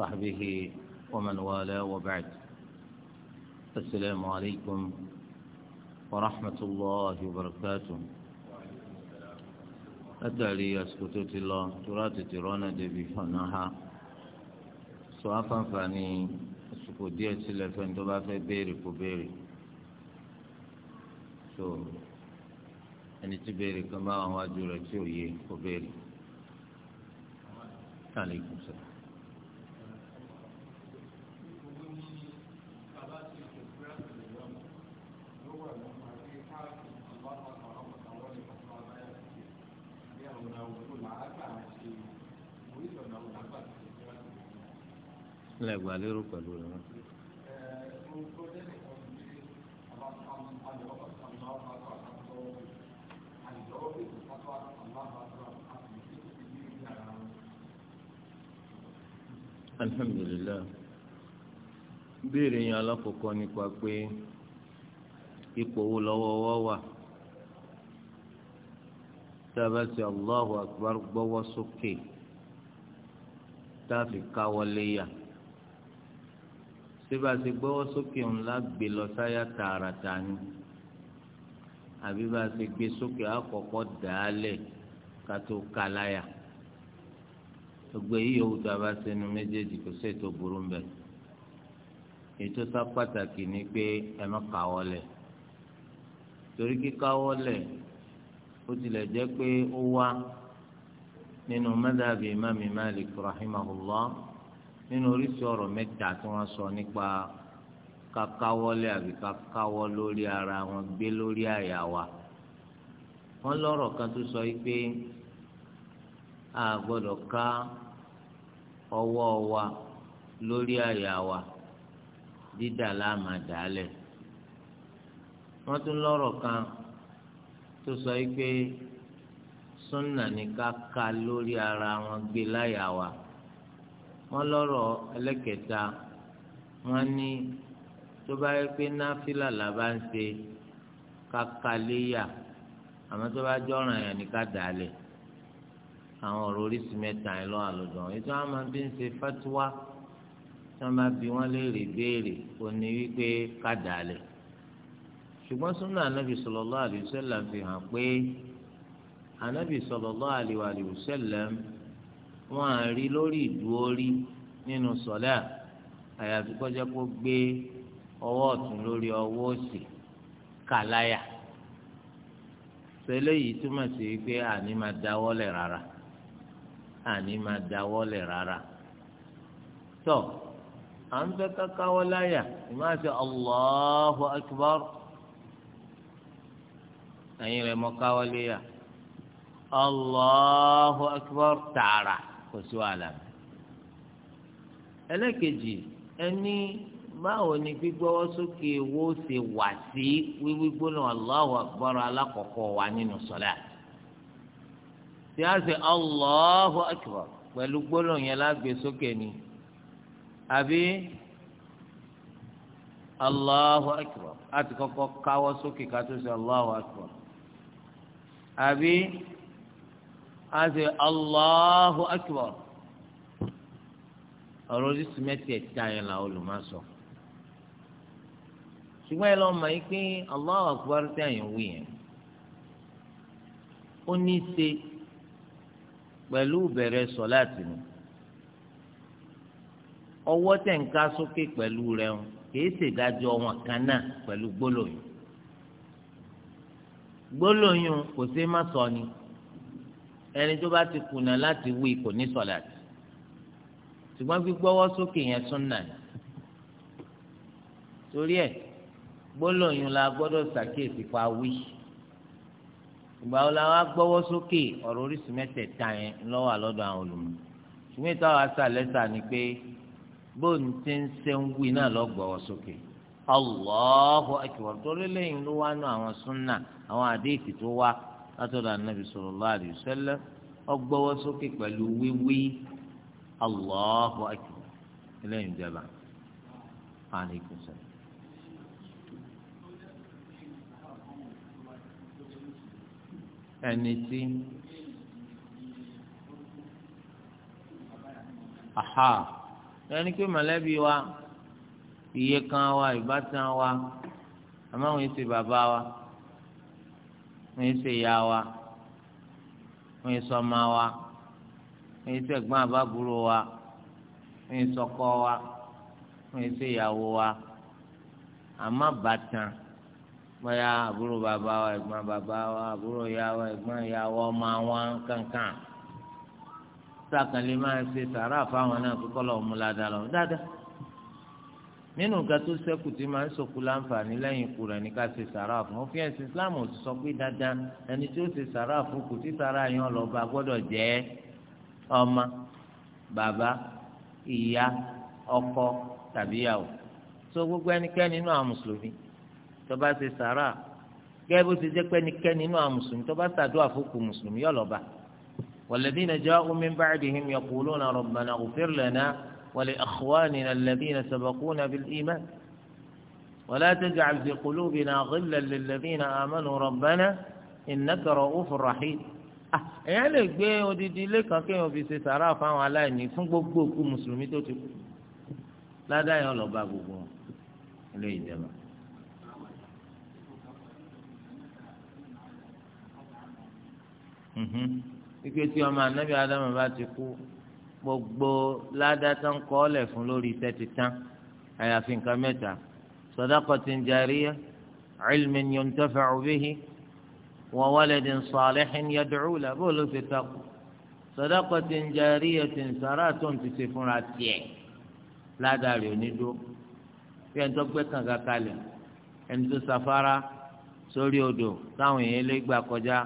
وصحبه ومن والاه وبعد السلام عليكم ورحمة الله وبركاته أدعي أسكتوت الله ترات ترانا دبي فنها سوافا فاني سكودية دي أسلا فان كبيري بيري ẹni tí béèrè kan bá àwọn wájú rẹ tí ò yé kó béèrè. Tàlẹ́ ilẹ̀ gbà lérò pẹ̀lú rẹ̀ alhamdulilayi béèrè yẹn alákọ̀ọ́kọ́ nípa pé ipò wo lọ́wọ́wọ́ wà tába sí allahu akbar sókè fi káwọ́ léyà. síbà ti gbọ́wọ́ sókè ńlá gbé lọ sáyà tààràtà ni àbí bá ti gbé sókè àkọ́kọ́ dàálẹ̀ ká tó ka láyà gbogbo èyí yòówù tó a bá sẹnu méjèèjì kò sí ètò burú mbẹ ètò sá pàtàkì ni pé ẹ má káwọ́ lẹ̀ torí kíkáwọ́ lẹ̀ ó tilẹ̀ jẹ́ pé ó wá nínú nínú oríṣi ọ̀rọ̀ mẹ́ta tí wọ́n sọ nípa kákáwọ́lé àbí kákáwọ́ lórí ara wọn gbé lórí àyà wa wọ́n lọ́rọ̀ kan tó sọ pé a gbọ́dọ̀ ká ọwọ́ wa lórí àyà wa dídà láàmà dàálẹ̀ wọ́n tún lọ́rọ̀ kan tó sọ pé súnà ní ká ká lórí ara wọn gbé láyà wa wọn lọ́rọ̀ ẹlẹ́kẹta wọn ní tó bá yẹ pé náfìlà là bá ń ṣe kákàléyà àmọ́ tó bá jọràn yẹn ní ká dàálẹ̀ àwọn ọ̀rọ̀ oríṣi mẹ́ta ẹ̀ lọ́wọ́ àlùdàn ètò àwọn máa fi ń ṣe fatuwa tí wọ́n bá bi wọ́n léèrè béèrè òní wípé ká dàálẹ̀ ṣùgbọ́n súnà anábì sallallahu alaihi fi hàn pé anábì sallallahu alaihi wasallam. wọn à rí lórí ìdúró orí nínú sọlá àyàfi kọjá kó gbé ọwọ́ ọ̀tún lórí ọwọ́ òsì kàláyà sẹlẹ yìí túmọ̀ sí pé àní máa dáwọ́lẹ̀ rárá àní máa dáwọ́lẹ̀ rárá tọ à ń fẹ́ kákáwọ́ láyà ìmáa ṣe Allahu ẹ̀yin rẹ̀ mọ́ káwọ́ léyà Allahu Akbar tààrà. kò sí wàhálà ẹlẹ́kejì ẹni báwo ni gbígbọ́wọ́ sókè wo ṣe wà sí wíwí gbóná Allahu Akbar alákọ̀ọ́kọ́ wa nínú sọ́lá tí a ṣe Allahu Akbar pẹ̀lú gbóná yẹn lágbè sókè ni àbí Allahu Akbar àti kọ́kọ́ káwọ́ sókè ká tó ṣe Allahu Akbar àbí. á ṣe Allahu ọrụ ọ̀rọ̀ oríṣi mẹ́tẹ̀ẹ̀ta yẹn làwọn olùmọ̀sọ. ṣùgbọ́n ẹ lọ́ọ́ mọ̀ yín pé Allahu yẹn ó ní í ṣe pẹ̀lú ìbẹ̀rẹ̀ sọ̀láàtì ni ọwọ́ tẹ̀ ń ká sókè pẹ̀lú rẹ̀ ń kìí ṣèdájọ́ wọn kan pẹ̀lú gbólóyún ẹni tó bá ti kùnà láti wí kò ní sọ̀láàtì ṣùgbọ́n gbígbọ́wọ́ sókè yẹn súnà ni torí ẹ̀ gbólóyún la gbọ́dọ̀ ṣàkíyèsí pa wí ìgbà wo la wá gbọ́wọ́ sókè ọ̀rọ̀ oríṣi mẹ́tẹ̀ẹ̀ta yẹn lọ́wọ́ àlọ́dọ̀ àwọn olùmọ̀ ṣùgbọ́n ìta wa ṣàlẹ́sà ni pé bóun ti ń ṣe ń wí náà lọ gbọ́wọ́ sókè Allahu akbar torí lẹ́yìn ló wá nú àwọn súnà àwọn àdéhìtì tó wá látọ̀dọ̀ anabi sallallahu alayhi wa sallam ọgbọ́wọ́ sókè pẹ̀lú wíwí Allahu akbar eléyìí jẹba alaikum salam. ẹni tí aha ẹni pé mọ̀lẹ́bí wa iye kan wa ìbátan wa àmọ́ àwọn èsì bàbá wa wọn yìí ṣe ìyá wa wọn yìí sọmọ wa wọn yìí ṣẹ̀gbọ́n àbábúrò wa wọn yìí sọkọ wa wọn yìí ṣe ìyàwó wa àmọ́ bàtàn bóyá àbúrò bàbá wa ẹ̀gbọ́n bàbá wa àbúrò ìyá wa ẹ̀gbọ́n ìyá wa ọmọ wa kankan sàkànlẹ máa ṣe sàrà fáwọn náà kíkọ́ lọ́wọ́ mú ládàá lọ́wọ́ dáadáa nínú nǹkan tó ṣẹ́kù tí máa ń sọkù láǹfààní lẹ́yìn ikú rẹ̀ ní ká ṣe sàrà fún un òfin ẹ̀sìn Islam ò sọ pé dandan ẹni tí ó ṣe sàrà fún kù tí sàrà yẹn ọlọ́ba gbọ́dọ̀ jẹ́ ọmọ bàbá ìyá ọkọ tàbí ìyàwó tó gbogbo ẹnikẹ́ni nínú àwọn mùsùlùmí tó bá ṣe sàrà gẹ́gẹ́ bó ti jẹ́ pé ẹnikẹ́ni nínú àwọn mùsùlùmí tó bá ṣàdúrà fún mùsùlùmí ọlọ́ba ولإخواننا الذين سبقونا بالإيمان ولا تجعل في قلوبنا غلا للذين آمنوا ربنا إنك رؤوف رحيم èèyàn lè gbé odidi ilé kan kéèyàn fi ṣe sàrà fáwọn aláìní fún gbogbo òkú mùsùlùmí tó ti kú ládàáyàn lọ bá gbogbo wọn ilé ìjọba. ìpè tí ọmọ anábì ádámù bá ti kú gbogbo ládàtàn kọ́ọ̀lẹ̀ fún lórí iṣẹ́ ti tán àyàfi nǹkan mẹ́ta sadaqatin jariyah ilmin yuntafa'u bihi wa waladin salihin yad'u lahu bó ló ti takò sadaqatin jariyatin sàrà tó ń ti ṣe fúnra tiẹ̀ ládàrí onídó bí ẹni gbé kànga kalẹ̀ ẹni tó safara sórí odò táwọn èèyàn lè gbà kọjá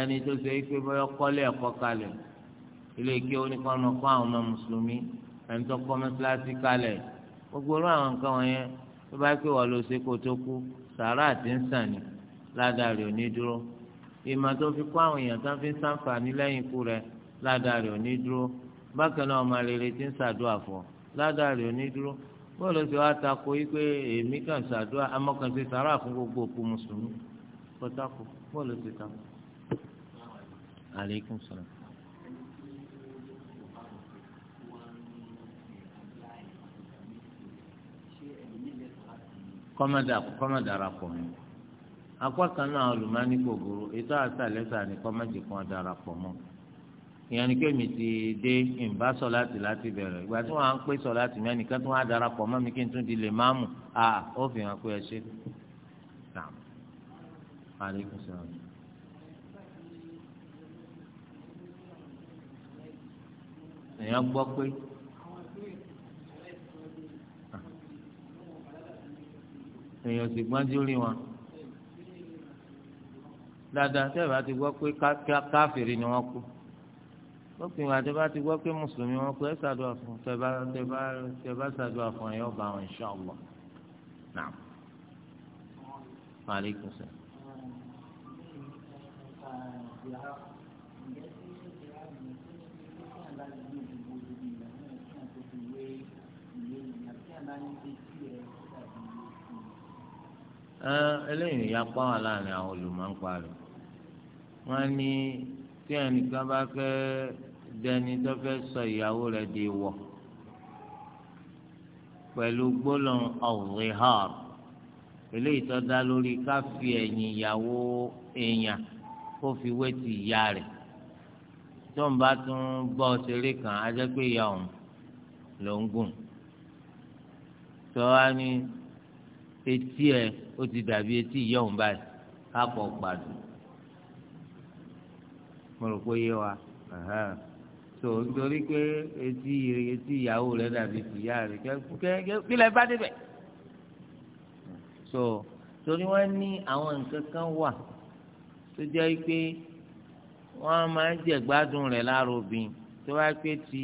ẹni tó ṣe é ilé ike oníkan ọmọ kọ́ àwọn ọmọ mùsùlùmí ẹni tó kọ́ mọ́sálásí kalẹ̀ gbogbo orú àwọn nǹkan wọ̀nyẹn tó bá pè wọ́n lọ sí kó tó kú sàárà àti ń sàn ní ládàrí òní dúró ìmọ̀ tó fi kọ́ àwọn èèyàn tó fi ń sàǹfààní lẹ́yìn ikú rẹ̀ ládàrí òní dúró bákan náà ọmọ rere ti ń sàdúà fún ládàrí òní dúró bọ́ọ̀lù sì wá takò yí pé èmi kàn sàdúà amọ́kànṣe sàárà fún gbogbo òkú mùsùlùmí kọ́tàkù bọ́ọ̀lù sì takò. kọ́mọ́dà kọ́mọ́dàra pọ̀ mọ́ apá kan náà olùmọ́ni kò burú ètò àṣàlẹ́sà ni kọ́mọ́dì kan dara pọ̀ mọ́ ìyẹn ni kémi ti dé ìbá sọ láti láti bẹ̀rẹ̀ ìgbà tí wọ́n á ń pè sọ láti mẹ́ni kí wọ́n á dara pọ̀ mọ́ mi kí n tún di lè má a ó fi hàn pé ẹ ṣe. èèyàn gbọ́ pé. èèyàn sì gbájú rí wọn dáadáa tẹ́ ẹ bá ti gbọ́ pé káfíìrì ni wọ́n kú lópin ìwà tẹ́ bá ti gbọ́ pé mùsùlùmí wọ́n kú ẹ ṣàdúrà fún tẹ́ bá tẹ́ bá ṣàdúrà fún ẹ bá wọn insha Allah naam maaleykum salaam eléyìí ìyapa wà láàrin àwọn olùmọ̀ǹpa rẹ̀ wọ́n ní tí ẹnìkan bá fẹ́ dẹni tó fẹ́ sọ ìyàwó rẹ̀ di wọ̀ pẹ̀lú gbólóhùn ọ̀rẹ́hàr eléyìí tó dá lórí ká fi ẹ̀yìn ìyàwó èèyàn kó fi wé ti ìyá rẹ̀ tó ń bá tún bọ́ ṣeré kan á pé ìyá òun ló ń gùn tó wá ní etí ẹ̀ ó ti dàbí etí ìyá òun báyìí kápọ̀ gbàdùn mo rò pé yé wa so nítorí pé etí etí ìyàwó rẹ dàbí tìyá rẹ kẹ kílẹ̀ bá débẹ̀ so torí wọ́n ní àwọn nǹkan kan wà tó jẹ́ pé wọ́n máa ń jẹ̀gbádùn rẹ̀ lára tó wá pé ti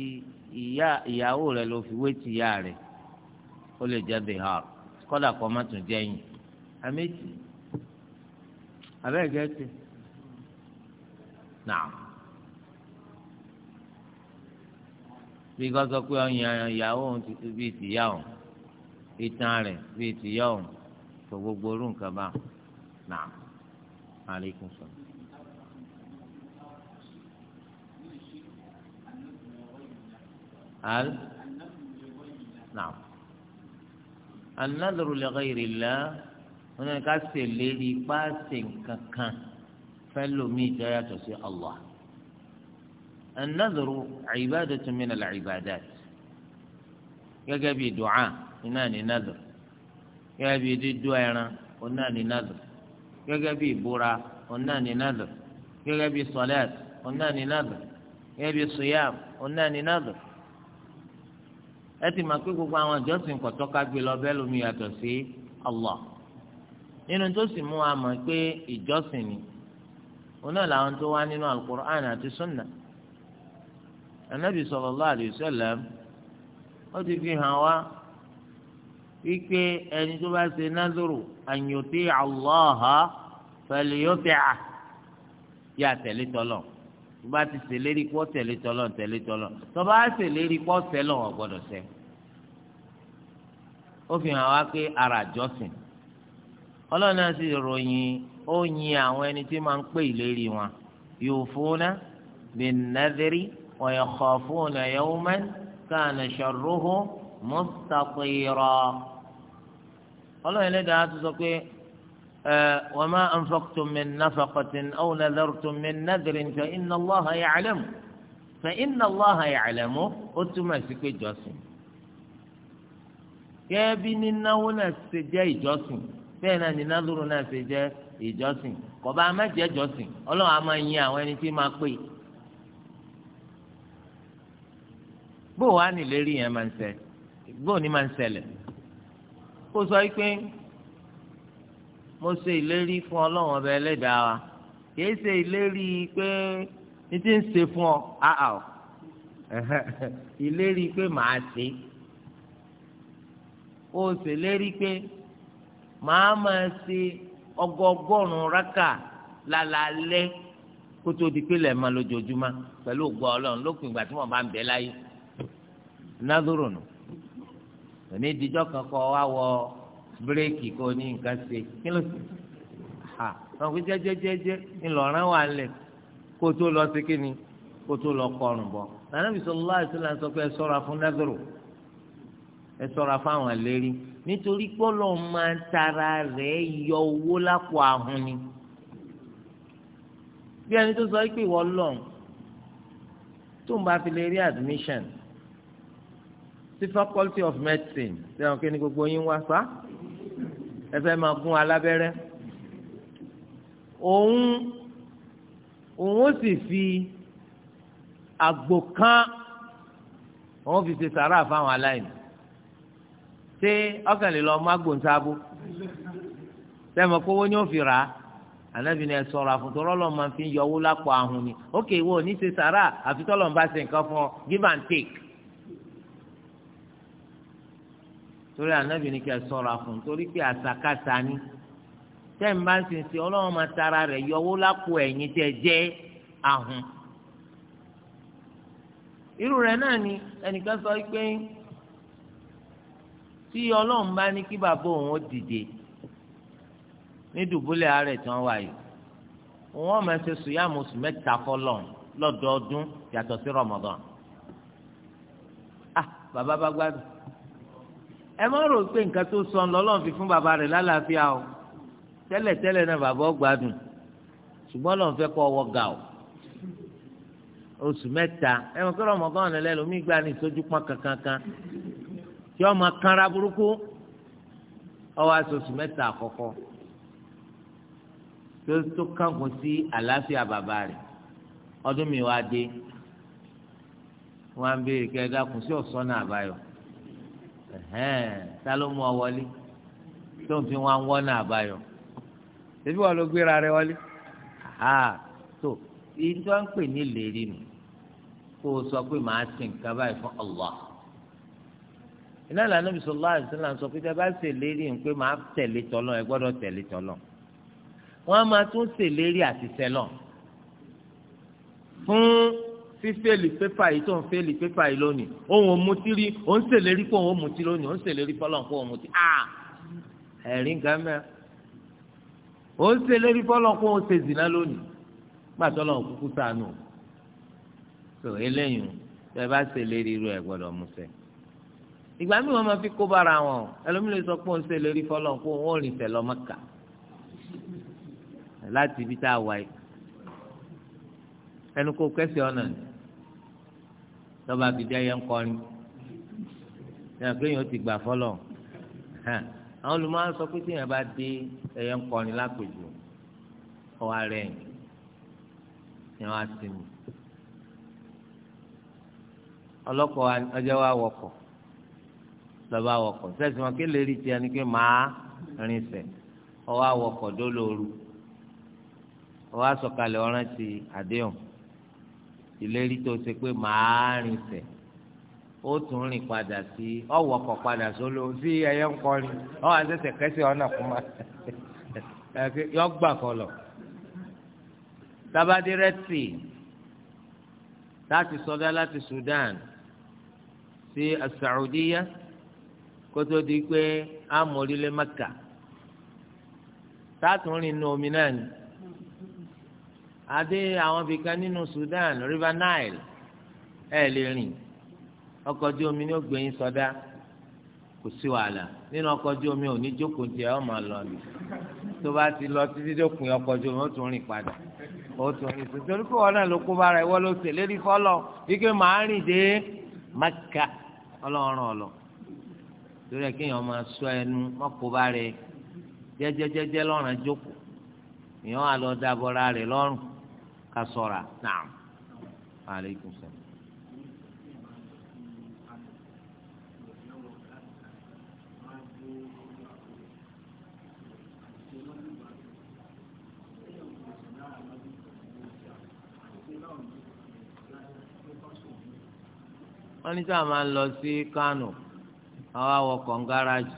ìyàwó rẹ ló fi wé tìyá rẹ̀ ó lè jẹ́ bihar kódà kó má tún jẹ́yìn àmẹ́tì abẹ́ẹ̀gẹ́ ti nà bí kò sọ pé ọyàn ìyàwó òun ti tu bíi tìyá òun ìtàn rẹ̀ bíi tìyá òun tó gbogbo orú nǹkan bá nà àlékún sọ. هل نعم النذر لغير الله wọn náà ká ṣèlérí páàsì nǹkan kan fẹlómi tó yàtọ̀ sí Allah an-nadhru ibadatun min al-ibadat gẹ́gẹ́ bíi du'a iná ní nadhr gẹ́gẹ́ bíi dídú ẹran oná ní nadhr gẹ́gẹ́ bíi ìbúra oná ní nadhr gẹ́gẹ́ bíi salat oná ní nadhr gẹ́gẹ́ bíi siyam oná ní nadhr ẹ ti máa pé gbogbo àwọn ìjọsìn ká gbé lọ lómi sí Allah. nínú tó sì mú wa mọ̀ pé ìjọsìn ni òun náà làwọn tó wá nínú alukur'an àti sunna anabi sallallahu alayhi wa sallam ó ti fi hàn wá wípé ẹni tó bá ṣe nádùrù ànyòtí àlọ́ha fẹlẹ́yọ́tẹ̀à yá tẹ̀lé tọ́lọ̀ tó bá ti ṣèlérí pọ́ tẹ̀lé tọ́lọ̀ tẹ̀lé tọ́lọ̀ tó bá ṣèlérí pọ́ tẹ́lọ̀ ọ̀gbọ́dọ̀ sẹ́ ó fi hàn wá pé ara àjọsìn ọlọ́run náà sì ròyìn ó yin àwọn ẹni tí máa ń pè ìlérí wọn yufuna bin nadhri wa yakhafuna yawman kana sharruhu mustatira ọlọ́run ẹlẹ́dàá tó sọ pé wa ma anfaqtum min nafaqatin aw nadhartum min nadhrin fa inna Allaha ya'lamu fa inna Allaha ya'lamu ó túmọ̀ sí pé jọ́sìn gẹ́gẹ́ nínáwó náà ṣe jẹ́ ìjọ́sìn bẹ́ẹ̀ náà ní nádúró náà ṣe jẹ́ ìjọsìn kọba amájẹ́ ìjọsìn ọlọ́run á máa yin àwọn ẹni tí máa pè bó wàá nílérí yẹn máa ń ṣẹ bó ni máa ń ṣẹlẹ̀ kó sọ pé mo ṣe ìlérí fún ọlọ́run ọba ẹlẹ́dàá wa kìí ṣe ìlérí pé ní ti ń ṣe fún ọ àà ọ ìlérí pé màá ṣe ó ṣèlérí pé màá máa ṣe ọgọgọ́rùn rákà lálálẹ́ kótó di pé lẹ́ẹ̀ma lójoojúmọ́ pẹ̀lú ògbọ́ ọlọ́run lópin ìgbà tí wọ́n bá ń bẹ láyé nádúró nù òní ìdíjọ́ kan kọ́ wọ bírèkì kò ní nǹkan ṣe kí ló ṣe ha wọn fi jẹ́jẹ́jẹ́jẹ́ ńlọrọrùn wà lẹ̀ kó tó lọ sí kí ni kó tó lọ kọrùn bọ̀ nànàbì sallallahu alaihi wasallam sọ pé ẹ ṣọ́ra fún nádúró ẹ ṣọ́ra fún àwọn àlérí nítorí pọ́lọ́ máa ń tara rẹ̀ yọ owó lápò ahun ni bí ẹni tó sọ pé ìwọ lọ́n tó ń bá fi lè rí admission sí faculty of medicine sẹ́wọ̀n kí ni gbogbo yín wá sá ẹ fẹ́ máa gún alábẹ́rẹ́ òun òun ó sì fi àgbò kan òun fi ṣe sàrà fáwọn aláìní ṣé ọkàn lè lọ mú agbóǹsabó sẹ́mi kówó ni ó fi rà á anabi ni ẹsọ ra fún tọrọ máa fi ni o wo ní ṣe sàrà àfi bá ṣe nǹkan give and take torí ni kí torí pé àṣàkáṣà ni bá ń sí ọlọ́run máa tara rẹ̀ yọwó lápò ẹ̀yìn jẹ́ ahun irú tí ọlọ́run bá ní kí bàbá òun ó dìde ní dùbúlẹ̀ ààrẹ tí wọ́n wà yìí òun ọmọ ẹsẹ̀ sùyàmù oṣù mẹ́ta fọlọ́n lọ́dọọdún yàtọ̀ sí Ramadan ah bàbá bá gbádùn ẹ má rò pé nǹkan tó sọ lọ́lọ́run fi fún bàbá rẹ̀ lálàáfíà o tẹ́lẹ̀tẹ́lẹ̀ náà bàbá ọgbádùn ṣùgbọ́n lọ́n fẹ́ kọ́ ọwọ́ ga o oṣù mẹ́ta ẹ mọ̀ pé Ramadan lẹ́lẹ́ lómi gbà ní ìṣojú pọ́n kankan kan. kan tí ọmọ kanra burúkú ọwọ́ aṣoṣù mẹ́ta àkọ́kọ́ tó tó kángun sí àlàáfíà bàbá rẹ ọdún mi wá dé wọn á kí ẹ dákun sí ta ló mú ọ wọlé fi wọn náà àbáyọ ebi wọn ló gbéra rẹ wọlé tó ìjọ ń pè ní nù kó o sọ pé màá fún Allah. iná ìlànà bí sọlá àti ìlànà sọ pé tẹ bá ṣèlérí ń pé máa tẹ̀lé tọ́lọ́ ẹ gbọ́dọ̀ tẹ̀lé tọ́lọ́ wọ́n á máa tún ṣèlérí àti sẹ́lọ̀ fún fífẹ́lì pépà yìí tó ń fẹ́lì pépà yìí lónìí òun ò mutí rí òun ṣèlérí pé òun ò mutí lónìí òun ṣèlérí fọlọ́ pé òun mutí ah ẹ̀rín gan mẹ́ òun ṣèlérí fọlọ́ pé òun ṣe zìnà lónìí gbàtọ́ lọ́wọ́ kúkú sànù tó eléyìí tẹ bá ṣèlérí irú ẹ̀ gbọ́dọ̀ mú sẹ́yìn ìgbà míì wọn máa fi kó bára wọn o ẹlòmíì lè sọ pé òun ṣe lórí fọlọ pé òun ò rìn tẹ lọ Mẹ́kà láti ibi tá a wà yìí ẹnu kó kẹsì ọ̀nà ni lọ́ba abidjan yẹn ń kọrin yẹn pé yẹn ti gbà fọlọ àwọn olùmọ̀ọ́ sọ pé tíyẹn bá dé ẹ̀yẹ ń kọrin lápèjù ọwọ́ ara ẹ̀yìn yẹn wá sí mi ọlọ́kọ̀ wa wọkọ̀ lọ́ba wọkọ̀ sẹ́sìn wọn kí lérí tiẹ̀ ni pé màá rìn sẹ̀ ọwọ́ awọkọ̀ dólóoru ọwọ́ asọ̀kalẹ̀ ọ̀ràn ti àdéhùn ìlérí tó ṣe pé màá rìn sẹ̀ ó tún rìn padà sí ọ̀wọ́kọ̀ padà sóló sí ẹyẹ ń kọrin ọwọ́ àtẹ̀tẹ̀ kẹsì ọ̀nà kún ma yọ gbà kọlọ̀ tabadé Red Sea láti sọdá láti Sudan sí asaudiya. Si kótó di pé amòrílé mẹ́kà sátúnrin nu omi náà ni àti àwọn ibìkan nínú Sudan River Nile ẹ lè rìn ọkọ̀ ojú omi ni ó gbé yín sọdá kò sí wàhálà nínú ọkọ̀ omi ò ní jókòó tiẹ̀ ọ̀ máa lọ ni tó bá ti lọ títí dókun ọkọ̀ ojú omi ó tún rìn padà ó tún rìn sí torí pé wọn náà ló kó bára ìwọ ló ṣèlérí fọlọ wípé màá rìn dé Mẹ́kà ọlọ́run ọlọ́run torí ẹ kéèyàn máa sọ ẹnu mọ́kóbá rẹ jẹ́jẹ́jẹ́jẹ́ lọ́rùn jókòó èèyàn wà lọ dábọ́ra rẹ lọ́rùn ká sọ̀ra náà aleykum wọ́n ní sáà máa ń lọ sí Kánò àwọn awọkọ̀ ń gáràjì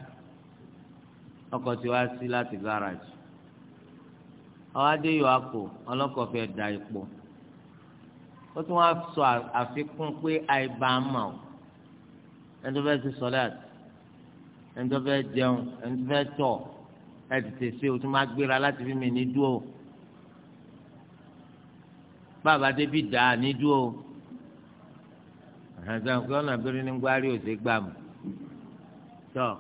ọkọ̀ tí wàá sí láti gáràjì àwọn adéyọ̀ àpò ọlọ́kọ̀ fẹ́ da ipò ó tún wá sọ àfikún pé àìbá mà ó ẹni tó fẹ́ ti sọ́láàtì ẹni tó fẹ́ jẹun ẹni tó fẹ́ tọ̀ ẹ tètè ṣe o tún máa gbéra láti fi mi ní dúró bàbá débi dà ní dúró àhàzàn pé ọ̀nà abẹ́rẹ́ ní gbárí ò sí gbàmù tọ́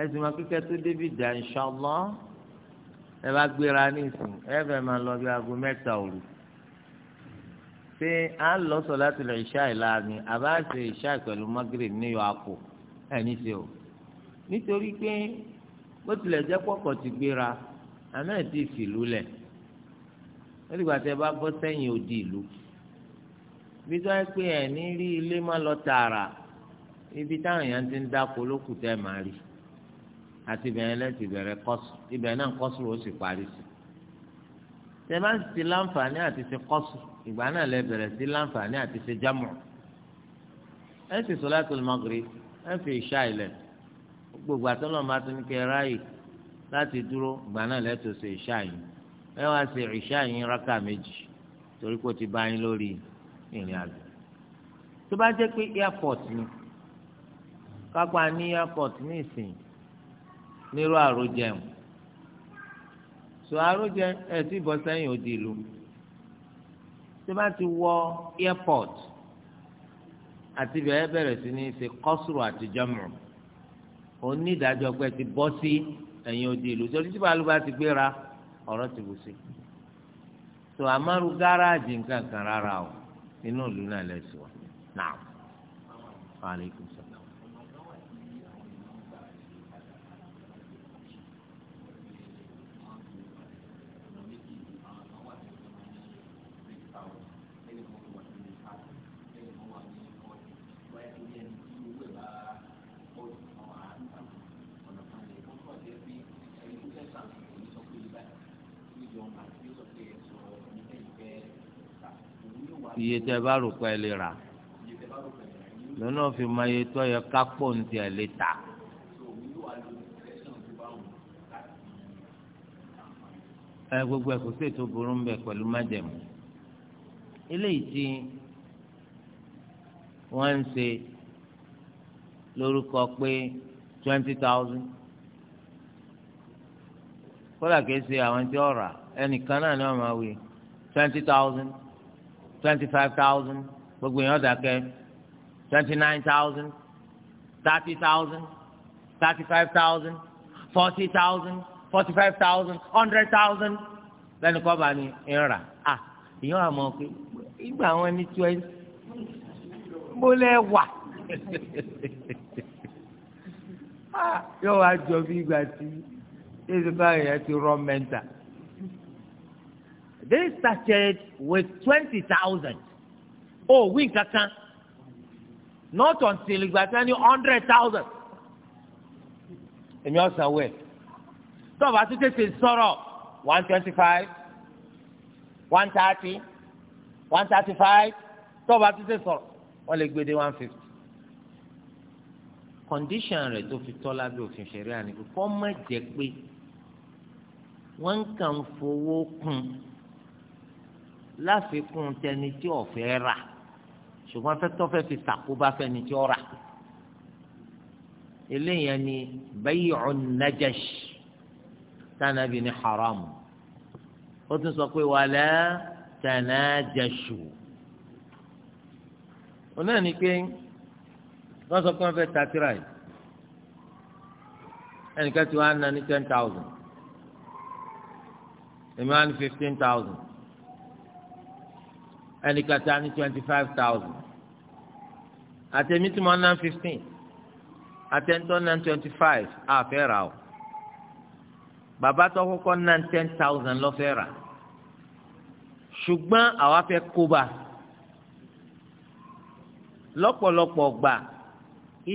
ẹ̀sìn máa kíkẹ́ tó débi dà inshallah ẹ bá gbéra ní ìsìn ẹ fẹ́ máa lọ bí aago mẹ́ta òru ṣé à ń lọ solatul isha ìlànà àbá ṣe isha pẹ̀lú magrib níyọ àpò ẹ̀ ní ṣe o nítorí pé bó tilẹ̀ jẹ́ pọ̀pọ̀ ti gbéra àná ẹ̀ ti fìlú lẹ̀ wọ́n ti gbà bá bọ́ sẹ́yìn odi ìlú bí tó ẹ pé ẹ̀ ní rí ilé má lọ tààrà ibi táwọn èèyàn ti ń dáko lókù tẹ́ ẹ̀ máa rí àti ìbẹ̀rẹ̀ lẹ́sì ìbẹ̀rẹ̀ kọ́sù ìbẹ̀rẹ̀ náà kọ́sù ó sì parí sí tẹ́ bá ti láǹfààní àti ṣe kọ́sù ìgbà náà lẹ bẹ̀rẹ̀ sí láǹfààní àti ṣe jámọ̀ ẹ sì solatul maghrib ẹ fi ìṣá ilẹ̀ gbogbo àtọ́lọ́mọ bá tún kẹ ráàyè láti dúró ìgbà náà lẹ́tọ̀ọ́ ṣe ìṣá yìí ẹ wá ṣe ìṣá yìí rákà méjì torí kó ti bá yín lórí ìrìn àjò tó bá jẹ́ pé airport ni kápá ní airport ní ìsìn nírú àròjẹun so àròjẹ ẹ ti bọ́ sẹ́yìn odi ìlú tí bá ti wọ airport àti bẹ̀rẹ̀ bẹ̀rẹ̀ sí ní ṣe kọ́sùrù àti jọ́mùrù onídàájọ́ pé ti bọ́ sí ẹ̀yìn odi ìlú torí tí bàálù bá ti gbéra ọ̀rọ̀ ti bù sí so àmọ́rú gáràjì nǹkan kan rárá o inú ìlú náà lẹ́sìn náà. iye tẹ bá rò pé ẹ lè rà lọ́nà fi mọ iye tó yẹ ká pọ̀ ní tiẹ̀ lè tà. ẹ gbogbo ẹ kò sí ètò burú ń bẹ pẹ̀lú májẹ̀mú eléyìí tí wọ́n ń ṣe lórúkọ pé twenty thousand kódà kìí ṣe àwọn tí ó rà ẹnìkan náà ni wọ́n máa wí twenty thousand twenty five thousand gbogbo èèyàn dákẹ́ twenty nine thousand thirty thousand thirty five thousand forty thousand forty five thousand hundred thousand lẹ́nu kọ́ bá ní ń rà á èèyàn àmọ́ pé ìgbà àwọn ẹni tí wọ́n bó lẹ́ wà yóò wá jọ bí ìgbà tí èsì báyìí ẹ ti rọ mẹ́ta they started with twenty thousand ó oh, wí kankan not until ìgbà tí wọ́n ní hundred thousand èmi ọ̀sán wẹ̀ tọ́ọ̀bù àtúntẹ̀tẹ̀ sọ̀rọ̀ one twenty five one thirty one thirty five tọ́ọ̀bù àtúntẹ̀tẹ̀ sọ̀rọ̀ wọ́n lè gbé dé one fifty condition rẹ̀ tó fi tọ́ lábẹ́ òfin ṣẹ̀ríà ni kò má jẹ́ pé wọ́n kàn ń fowó kún láfikún tẹni tí ọ̀fẹ́ rà ṣùgbọ́n tọ́fẹ́ fi sàkóbá fẹ́ni tí ó rà eléyìí ni bay'un najash tànàbí ni haram ó tún sọ pé wala tanajashu òun náà ni pé wọ́n sọ pé wọ́n fẹ́ ta tírà yìí ẹnìkan tí wọ́n á ní ten thousand èmi á ní fifteen thousand ẹnìkan tá a ní twenty five thousand àtẹ̀mí tí mo ná fifteen àtẹ̀ntọ́ ná twenty five àfẹ́ rà o bàbá tó kọ́kọ́ ná ten thousand lọ́fẹ́ rà ṣùgbọ́n àwa fẹ́ kóbá lọ́pọ̀lọpọ̀ gbà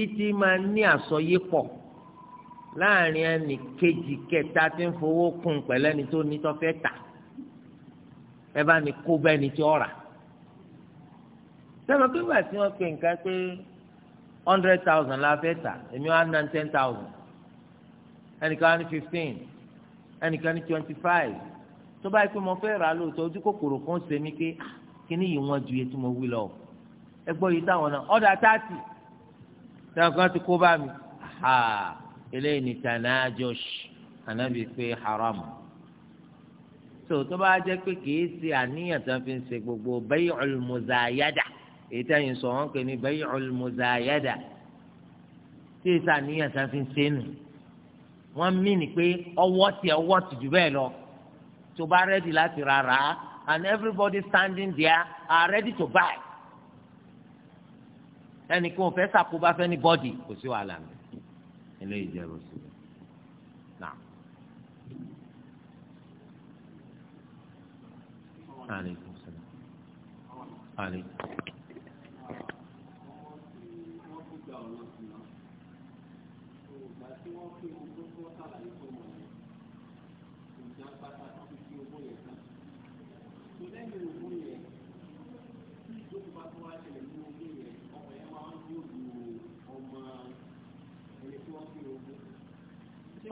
ìtì máa ní àsọyé pọ̀ láàrin ẹnì kejì kẹta tí ń fowó kún pẹ̀lẹ́ni tó ní tó fẹ́ tà ẹ bá ní kó bẹ́ni tí ó rà sẹ́nu pé bàtí tí wọ́n pe nǹkan pé hundred thousand la fẹ́ tà èmi wá ná ten thousand ẹnìkan wá ní fifteen ẹnìkan ní twenty five tó báyìí pé mo fẹ́ rà á lóòótọ́ ojú kòkòrò kan ṣe mí pé ah, kíní yìí wọ́n ju iye tí mo wí lọ ẹ gbọ́ yìí táwọn náà ọ̀dà táàtì sẹ́nu kan ti kó bá mi eléyìí ní tanajosh anabi pé haram tó tó bá jẹ́ pé kìí ṣe àníyàn tó fi ń ṣe gbogbo bay'ul muzayada èyí táyìn sọ wọn pè ní bay'ul muzayada tí èsà níyàn tá a fi ń sẹ́nu wọ́n mí ni pé ọwọ́ ti ọwọ́ ti jù bẹ́ẹ̀ lọ tó bá rẹ́dì láti rárá and everybody standing there are ready to buy ẹnì kan ò fẹ́ sàkóbá fẹ́ ní bọ́dì kò sí wàhálà mi eléyìí jẹ́ rọ̀ṣù. عليكم السلام عليكم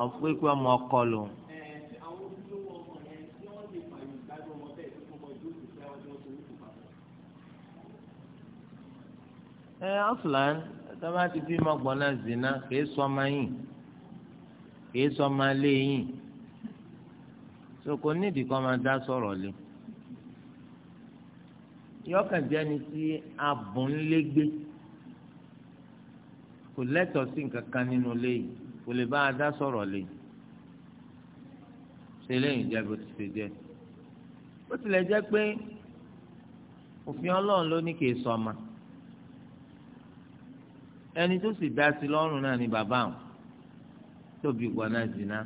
ọ̀pẹ́ pé ọmọ ọkọ lò ń. ẹ ọ̀fìlàn tọ́ba ti fi mọ́gbọ́n náà zina kìí sọ ọmọ yìí kìí sọ ọmọ yìí soko nídìí kan máa dá sọ̀rọ̀ lé yọkàn ni tí abùn ń lé gbé kò lẹ́tọ̀ọ́ sí nǹkan kan nínú ilé yìí kò lè bá a dá sọ̀rọ̀ lé ṣe lẹ́yìn jẹ́ bó ti ṣe jẹ́ bó tilẹ̀ jẹ́ pé òfin ọlọ́run ló ní kì í sọ ọmọ ẹni tó sì dá sí lọ́rùn náà ni bàbá àwọn tóbi wọn náà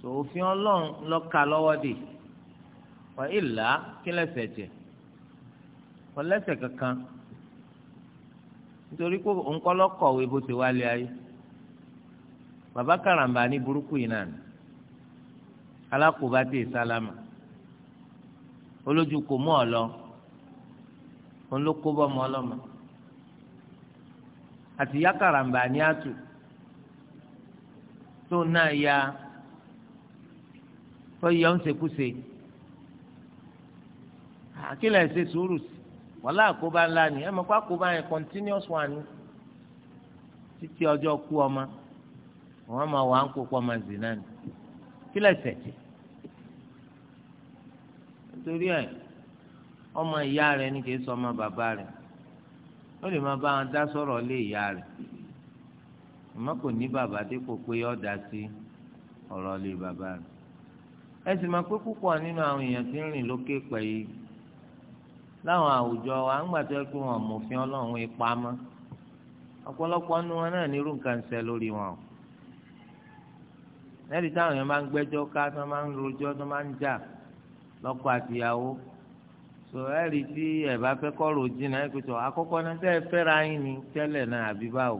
tó òfin ọlọ́run lọ́ka lọ́wọ́ dè wà ìlà kí lẹ́sẹ̀ jẹ wọ́n lẹ́sẹ̀ kankan nítorí pé òun kọ́ lọ́kọ̀wé bó ti wálé ayé bàbá karambà ní burúkú yìí náà ni alákòóbá dé sálámà olójú kò mú ọ lọ òun ló kó àti ya karambà ní àtù tó náà ya tó yẹ ń ṣekúṣe àkìlẹ̀ ṣe sùúrù sí wàhálà àkóbá ńlá ni ẹ mọ̀ àkóbá yẹn continuous one ni títí ọjọ́ kú ọmọ wọn máa wà ń kópa ọmọ zina ni kí lẹsẹ̀ jẹ nítorí ẹ ọmọ ìyá rẹ ni kìí sọ ọmọ bàbá rẹ ó lè máa bá wọn dá sọ̀rọ̀ lé ìyá rẹ àmọ́ kò ní bàbá dípò pé ó dá sí ọ̀rọ̀ lé bàbá rẹ ẹ sì láwọn àwùjọ wa ńgbà tó yẹ kí wọn mọ̀fin ọlọ́run ipa mọ́ ọ̀pọ̀lọpọ̀ nu wọn náà nírú nǹkan ṣẹ lórí wọn o lẹ́yìn táwọn yẹn máa ń gbẹ́jọ́ ká tó máa ń rojọ́ tó máa ń jà lọ́kọ àtìyàwó tó ẹ̀rí tí ẹ̀ bá fẹ́ kọ́ rojì náà ẹ̀ pẹ̀tọ́ akọ́kọ́ náà tẹ́ ẹ fẹ́ra yín ni tẹ́lẹ̀ náà àbí báwo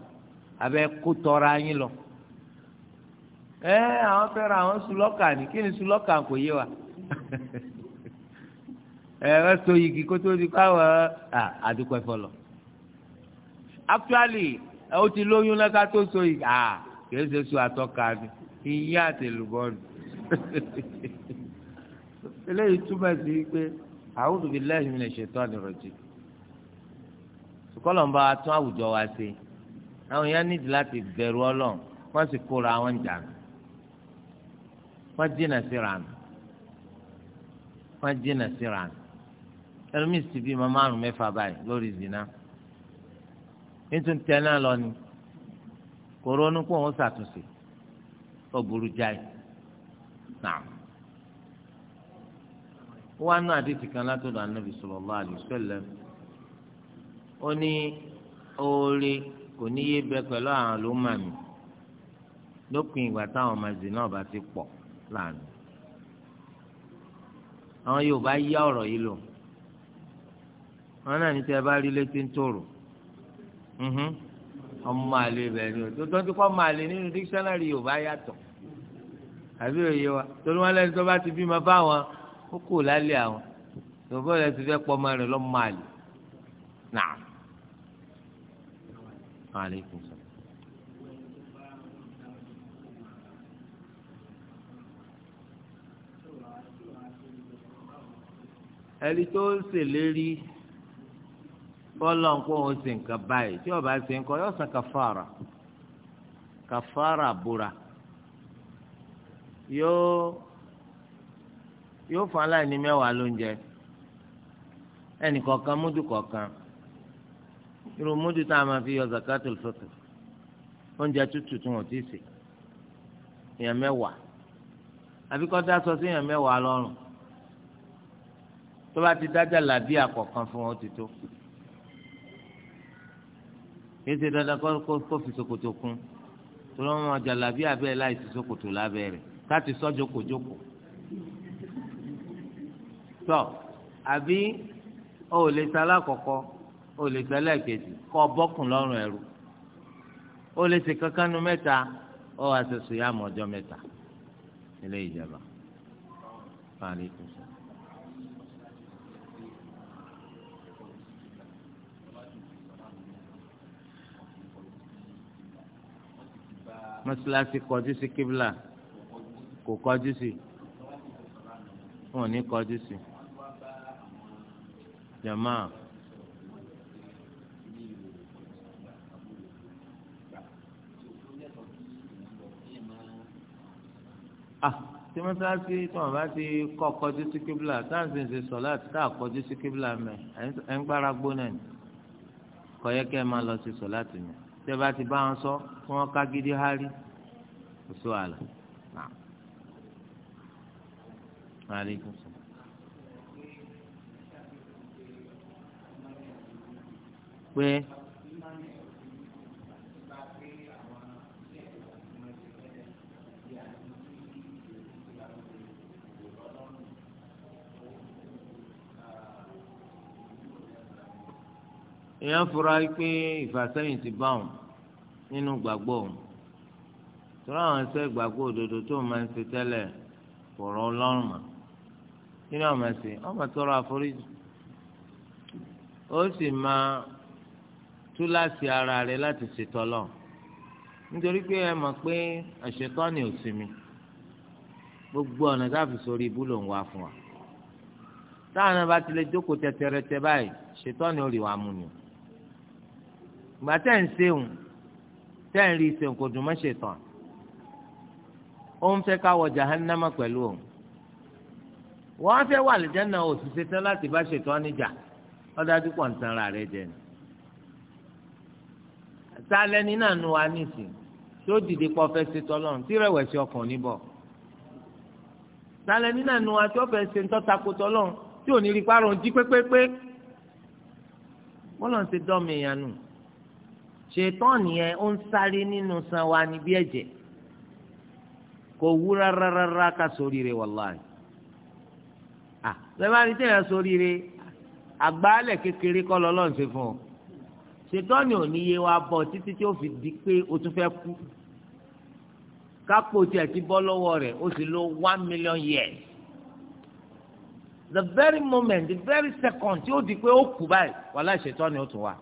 abẹ́ kó tọ́ra yín lọ. ẹ àwọn fẹ́ra àwọn sulọ́kà ni kí ni sulọ́kà kò yé wa ẹ so igi kó di káwọ àdúpẹ́ fọlọ. actually ó ti lóyún lẹ́ka tó so igi kì í ṣe so àtọ́ka ni ìyá àtẹlùbọ́ eléyìí túmọ̀ sí pé a'udhu billahi minash shaitani rajim. sùkọ́lọ̀ ń bá tún àwùjọ wa ṣe àwọn èèyàn nídìí láti bẹ̀rù ọlọ́run wọ́n sì kóra wọn jà wọ́n jìnnà síra nù wọ́n jìnnà síra nù ẹlòmíì sì bí ma márùn mẹ́fà báyìí lórí zina nítorí tẹ náà lọ ni kò ronú kó òun ṣàtúnṣe ó burú jáì náà wọn náà àdìsí kan látọ̀dọ̀ anábì sallallahu alaihi wasallam ó ní oore kò ní yé bẹ pẹ̀lú àwọn àlùmọ mi lópin ìgbà táwọn ọmọ zina ọba ti pọ̀ láàánú àwọn Yorùbá yá ọ̀rọ̀ yìí lò wọn náà ní tí ẹ bá rí létí ń tòrò ọmọ àlè bẹ́ẹ̀ ni o tó tọ́jú kọ́ ọmọ àlè nínú dictionary Yorùbá yàtọ̀ àbí òye wa torí wọn lẹ́nu tó bá ti bímọ fáwọn ó kò lálẹ́ àwọn tòbó rẹ ti fẹ́ pọ́nmọ rẹ lọ́mọ àlè náà. Alaikum salaam. ẹni tó ń ṣèlérí bọ́lọ̀ ń kó òun ṣe nǹkan báyìí tí ọba ṣe nǹkan yóò san kàfàrà kàfàrà búra yóò yóò fún aláìní mẹ́wàá lóúnjẹ ẹnì kọ̀ọ̀kan múdù kọ̀ọ̀kan irú múdù tá a máa fi yọ zakatul fitr oúnjẹ tútù tí wọn ti sè èèyàn mẹ́wàá àbíkọ́ sọ sí èèyàn mẹ́wàá lọ́rùn tó bá ti dájà làbí àkọ̀kan fún wọn ti tó kìí ṣe dandan kó fi ṣòkòtò kún torí wọn máa jàlábí abẹ́ láìsí ṣòkòtò lábẹ́ rẹ̀ káti sọ jókòjókò tọ àbí o ò lè sa alákọ̀ọ́kọ́ o ò lè sa ẹlẹ́ẹ̀kejì kọ́ ọ bọ́kùn lọ́rùn ẹ̀rù o lè ṣe kankan nu mẹ́ta ọ àṣẹṣe yá mọ́ ọjọ́ mẹ́ta ilé ìjọba. Wa alaikum salaam. mọ́sálásí kọjú sí kíbla kò kọjú sí wọn ò ní kọjú sí jama. ah tí mọ́sálásí tí wọ́n bá ti kọ́ kọjú sí kíbla táǹsì ń ṣe sọ̀lá àti táà kọjú sí kíbla mẹ́ ẹ̀ ń gbára gbóná ni kọ̀yẹ́kẹ́ máa lọ sí sọ̀lá tì yẹn tẹ́bá ti bá wọn sọ kí wọ́n ká gidi hárí kò sí wàhálà. pé. èèyàn fura pé ìfàsẹ́yìn ti bá òun nínú gbàgbọ́ òun tọ́lá àwọn ẹsẹ̀ gbàgbọ́ òdodo tó máa ń ṣe tẹ́lẹ̀ fọ̀rọ̀ ọlọ́run mọ́ kí ni ọmọ ẹsẹ̀ ọmọ tọrọ àforíjì ó sì máa tú láti ara rẹ láti ṣètọ́lọ̀ nítorí pé ẹ mọ̀ pé àṣetọ́ni ò sinmi gbogbo ọ̀nà tá a fi sórí ibú ló ń wá fún wa táwọn náà bá ti lè jókòó tẹtẹrẹtẹ báyìí ṣètọ́ni ò rí wa mú ni o ìgbà tẹ́ ń ṣeun tẹ́ ń rí ṣeun kò dùn mọ́ ṣètàn ó ń fẹ́ ká wọ jahannama pẹ̀lú òun wọ́n á fẹ́ wà lẹ́jẹ̀nà òṣìṣẹ́ tán láti bá ṣètàn níjà ọ̀dájú pọ̀ ń tan ara rẹ̀ jẹ ni sálẹ́ni náà nu wa nísìn tí ó dìde pọ̀ fẹ́ ṣe tọ́lọ́run tí rẹ̀wẹ̀sì ọkàn níbọ̀ sálẹ́ni náà nu wa tí ó fẹ́ ṣe ń tọ́tako tọ́lọ́run tí ò ní rí parun jí pépépé bọ́lọ̀ ń ṣe dọ́mi ìyanu ṣètọ́ọ̀nì yẹn ó ń sáré nínú san wa ní bí ẹ̀jẹ̀ kò wú rárá rárá ká sóríire wàláì à lẹ́bàá ní tẹ̀yà sóríire àgbálẹ̀ kékeré kọ́ lọ́lọ́ ń ṣe fún ọ ṣètọ́ọ̀nì ò ní yé wa bọ̀ títí tí ó fi di pé o tún fẹ́ kú kápò tí a ti bọ́ lọ́wọ́ rẹ̀ ó sì lò one million years the very moment the very second tí ó di pé ó kú báyìí wàláì ṣètọ́ọ̀nì ó tún wà.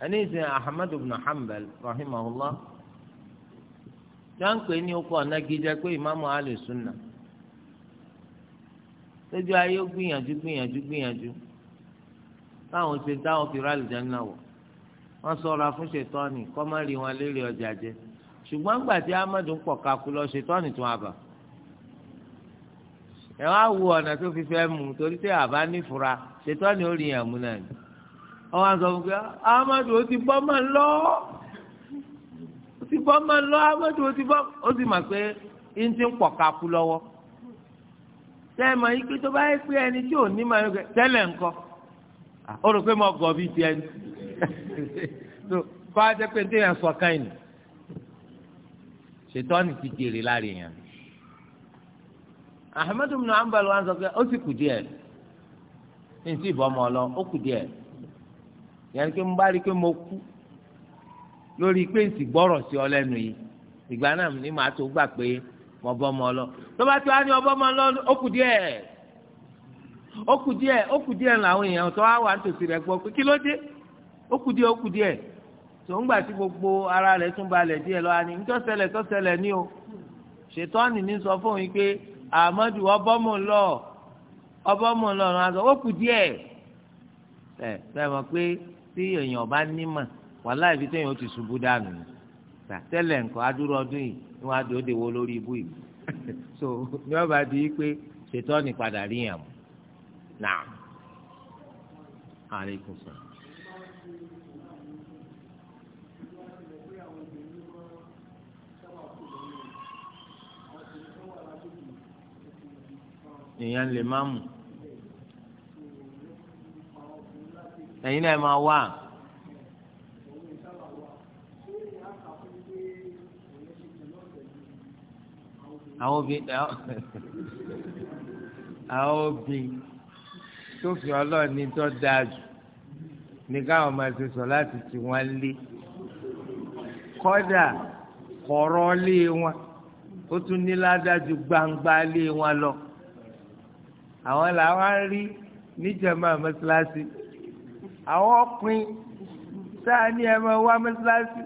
anise ahmed ibn hanbal rahimahullah dáńpé ní okò ni pé ìmáàmù alùsùnà lójú ayé gbìyànjú gbìyànjú gbìyànjú táwọn ṣe táwọn fi ráàlìjà náà wọ̀ wọ́n sọra fún ṣètọ́ni kọ́mọ́rì wọn lérè ọjà jẹ ṣùgbọ́n gbà tí ń pọ̀ kakú lọ tún ẹ wá wo ọ̀nà tó fi fẹ́ torí pé àbá nífura ó rí ẹ̀mú náà ni. àwọn àzọ fún pé amadu ó ti bọ́ máa ń lọ ó ti bọ́ máa ń lọ amadu ó ti bọ́ ó sì mà pé ń ti ń pọ̀ kakú lọ́wọ́ sẹ́ẹ̀mọ̀ yìí pé tó bá yẹ pé ẹni tí ò ní máa yọkẹ́ tẹ́lẹ̀ ńkọ́ ó rò pé mo gọ̀ bí tiẹ̀ ní kó a jẹ́ pé ní tẹ́yà sọ káyìn ní ti jèrè lára èèyàn Ahmadu bin wa ń sọ pé ó sì kù díẹ̀ ní ti ìbọn mọ́ ọ lọ ó kù díẹ̀. yẹn pé mo bá rí i pé mo kú lórí pé n sì gbọ́rọ̀ sí ọ lẹ́nu yìí ìgbà náà ni màá tó gbà pé mo bọ́ ọmọ lọ tó bá ti wá ní ọbọ̀ ọmọ lọ ó díẹ̀ ó díẹ̀ ó díẹ̀ làwọn èèyàn tó wá wà nítòsí rẹ̀ gbọ́ pé kí gbogbo ara rẹ̀ tún balẹ̀ díẹ̀ tí èèyàn bá nímọ̀ wàhálà ibi tí èèyàn ti ṣubú dànù ni tẹ́lẹ̀ nǹkan adúrò ọdún yìí ni wọ́n á dòde wo lórí ibú yìí so ní wọ́n bá di pé ṣètọ́ ni padà rí yàn mọ́ náà àlékún sọ. èèyàn lè má mú. lẹ́yìn náà máa wá. àwọn obìnrin àwọn obìnrin tó fi ọlọ́ọ̀ni tó dáa jù ní káwọn máa ṣe sọ láti tì wọ́n lé kọ́dà kọ̀rọ̀ lé wọn ó tún ní ládájú gbangba lé wọn lọ àwọn làwọn rí níjàmbá mọ́sálásí àwọn ọkùnrin sáà ní ẹ máa wá mọ́sálásí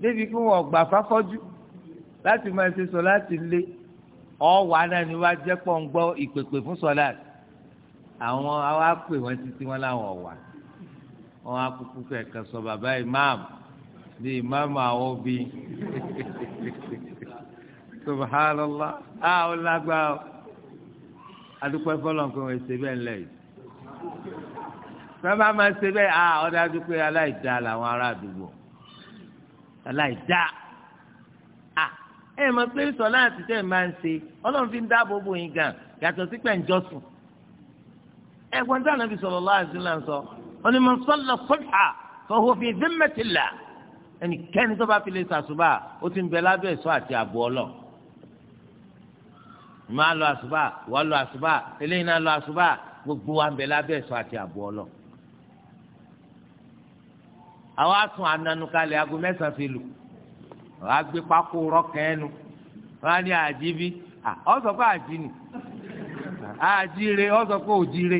débi kí wọ́n gbà fáfọ́jú láti máa ṣe sọ láti lé ọ̀wà náà ni wá jẹ́ pọ̀ ń gbọ́ ìpèpè fún sọ́lá àwọn àwa pè wọ́n títí wọn láwọn ọ̀wà wọn á kúkú kẹ̀kẹ́ sọ bàbá imam ní imam àwọn òbí subhanallah àwọn lágbára adúpẹ́ fọlọ́nkọ́ wọn ṣe bẹ́ẹ̀ lẹ́yìn sábà máa ṣe bẹ́ẹ̀ à ah, ó dájú pé aláìdá làwọn ará àdúgbò aláìdá à ah, ẹ mọ̀ pé sọlá àtijọ́ ẹ̀ máa ń ṣe ọlọ́run fi ń dáàbò bò yín gan yàtọ̀ sí pẹ̀ǹjọ́sùn ẹ̀gbọ́n tí ànábì sallallahu alaihi wasallam sọ ọ̀nà man salla subha fa huwa fi dhimmatillah ẹnikẹ́ni tó bá fi lè sàṣùbà ó ti ń bẹ lábẹ́ ẹ̀ṣọ́ àti ààbò ọlọ́run máa lọ àṣùbà wọ́n lọ àṣùbà eléyìí náà lọ àṣùbà gbogbo wa ń bẹ lábẹ́ ẹ̀ṣọ́ àti ààbò ọlọ́run àwọn asùn ananukalẹ̀ aago mẹ́sàn-án fi lù wọ́n á gbé pákó rọ́ọ̀kẹ́ ẹnu wọ́n á ní àjíbí ọ sọ àjí ni àjíire ọ sọ pé òjíire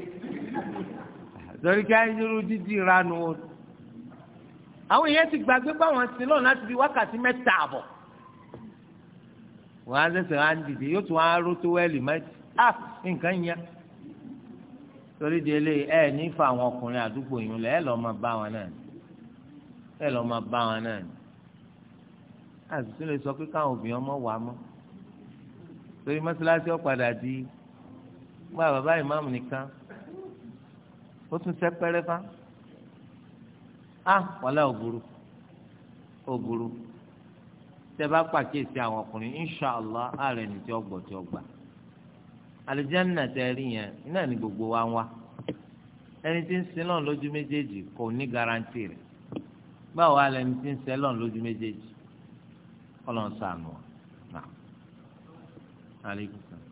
torí kí ayélujára dídì ranu o àwọn èèyàn ti gbàgbé báwọn sí lọ́nà láti fi wákàtí mẹ́ta àbọ̀ wọ́n á sẹ̀sẹ̀ wá ń dìde yóò tún á ró tó wẹ́ẹ̀lì á nǹkan yẹn torí di eléyìí ẹ̀ ní fa àwọn ọkùnrin àdúgbò yìí náà ẹ lọ máa bá wọn náà ni àtúntò lè sọ pé káwọn obìnrin ọmọ wà á mọ torí mọ́sálásí ọ̀padà di gba bàbá ìmáàmù nìkan ó tún sẹ́ pẹ́rẹ́fà á ah, wàlá ògùrù ògùrù tẹ bá pàkíyèsí àwọn ọkùnrin inshàlá ààrẹ nìtí ọgbọ tí ọgbà àlùjánnà tẹ rí yẹn iná ní gbogbo wa ń wá ẹni tí ń sin náà lójú méjèèjì kò ní garanti rẹ̀ báwo alẹ́ ní ti ń sẹ́lọ̀n lójú méjèèjì ọlọ́run sànù ọ́ náà. alaikum salaam.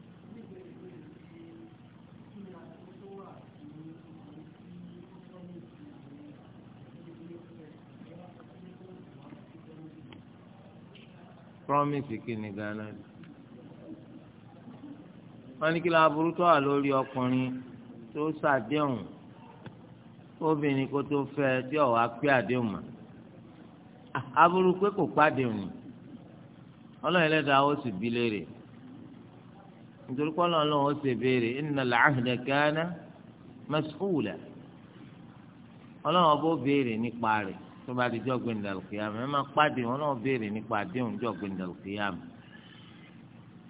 promise kí ni gánà wọn ní kí ló aburú tó wà lórí ọkùnrin tó ṣàdéhùn obìnrin kó tó fẹ́ tí ọwọ á àdéhùn mọ́ aburú pé kò pàdé òun ọlọ́run ẹlẹ́dàá ó sì bi léèrè nítorí pé ọlọ́run lòun ó sì béèrè innal ahda kana mas'ula ọlọ́run ọba ó béèrè nípa rẹ̀ tó bá di jọ́ gbẹ̀ndàlùkìyàmù ẹ máa pàdé òun náà béèrè nípa àdéhùn jọ́ gbẹ̀ndàlùkìyàmù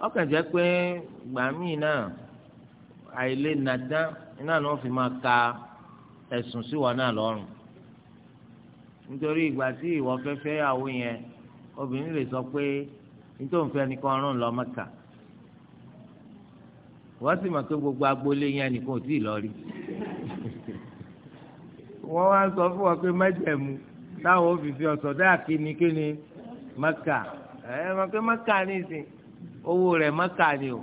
ọkàn jẹ́ pé náà àìlè iná fi máa ka ẹ̀sùn náà nítorí ìgbà tí ìwọ fẹ́ fẹ́ yàwó yẹn obìnrin lè sọ pé nítorí òun fẹ́ nìkan ọrùn lọ mẹ́ka wọ́n sì mọ̀ pé gbogbo agboolé yẹn nìkan ò tí ì lọ rí wọ́n wá sọ fún ọ pé mẹ́jẹ̀mú táwọn òfìfì ọ̀sọ̀dá kínníkínní mẹ́ka ẹ mọ̀ pé mẹ́ka ní ìsìn owó rẹ̀ mẹ́ka ni o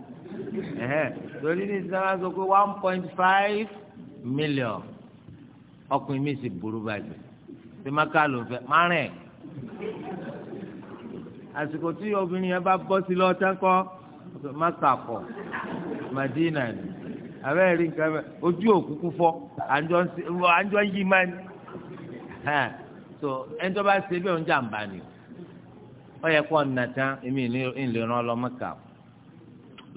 torí ní ìsìn náà sọ pé one point five million ọkùnrin mi sì burú bàjẹ́ ṣe má ká ló ń fẹ́ má rìn àsìkò tí obìnrin yẹn bá bọ́ sí lọ tẹ́kọ́ má kàkọ́ màdínà ni àbẹ́ rí nǹkan bẹ́ẹ̀ ojú òkúkú fọ́ àjọ yí má ni so ẹni tó bá ṣe bẹ́ẹ̀ ń jàǹbá ni ó yẹ kó ọ̀nà tán èmi ìlera ọlọ́mọkà